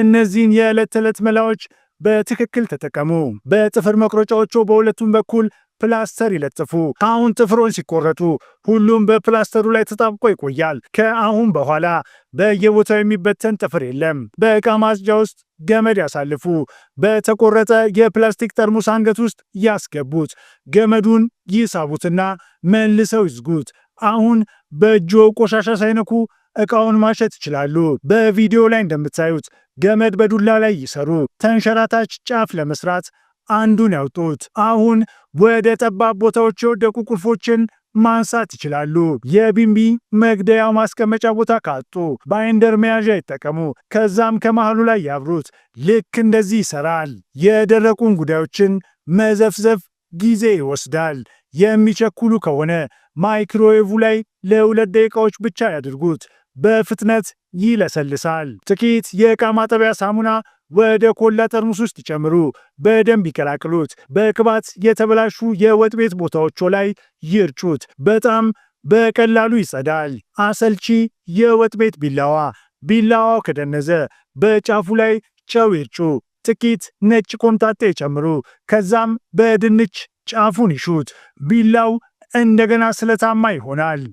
እነዚህን የዕለት ተዕለት መላዎች በትክክል ተጠቀሙ። በጥፍር መቁረጫዎቹ በሁለቱም በኩል ፕላስተር ይለጥፉ። አሁን ጥፍሮን ሲቆረጡ ሁሉም በፕላስተሩ ላይ ተጣብቆ ይቆያል። ከአሁን በኋላ በየቦታው የሚበተን ጥፍር የለም። በእቃ ማጽጃ ውስጥ ገመድ ያሳልፉ። በተቆረጠ የፕላስቲክ ጠርሙስ አንገት ውስጥ ያስገቡት። ገመዱን ይሳቡትና መልሰው ይዝጉት። አሁን በእጆ ቆሻሻ ሳይነኩ እቃውን ማሸት ይችላሉ። በቪዲዮ ላይ እንደምታዩት ገመድ በዱላ ላይ ይሰሩ። ተንሸራታች ጫፍ ለመስራት አንዱን ያውጡት። አሁን ወደ ጠባብ ቦታዎች የወደቁ ቁልፎችን ማንሳት ይችላሉ። የቢንቢ መግደያ ማስቀመጫ ቦታ ካጡ ባይንደር መያዣ ይጠቀሙ። ከዛም ከመሃሉ ላይ ያብሩት። ልክ እንደዚህ ይሰራል። የደረቁን ጉዳዮችን መዘፍዘፍ ጊዜ ይወስዳል። የሚቸኩሉ ከሆነ ማይክሮዌቭ ላይ ለሁለት ደቂቃዎች ብቻ ያድርጉት። በፍጥነት ይለሰልሳል። ጥቂት የእቃ ማጠቢያ ሳሙና ወደ ኮላ ጠርሙስ ውስጥ ይጨምሩ። በደንብ ይቀላቅሉት። በቅባት የተበላሹ የወጥ ቤት ቦታዎቹ ላይ ይርጩት። በጣም በቀላሉ ይጸዳል። አሰልቺ የወጥ ቤት ቢላዋ። ቢላዋው ከደነዘ በጫፉ ላይ ጨው ይርጩ። ጥቂት ነጭ ቆምጣጤ ይጨምሩ። ከዛም በድንች ጫፉን ይሹት። ቢላው እንደገና ስለታማ ይሆናል።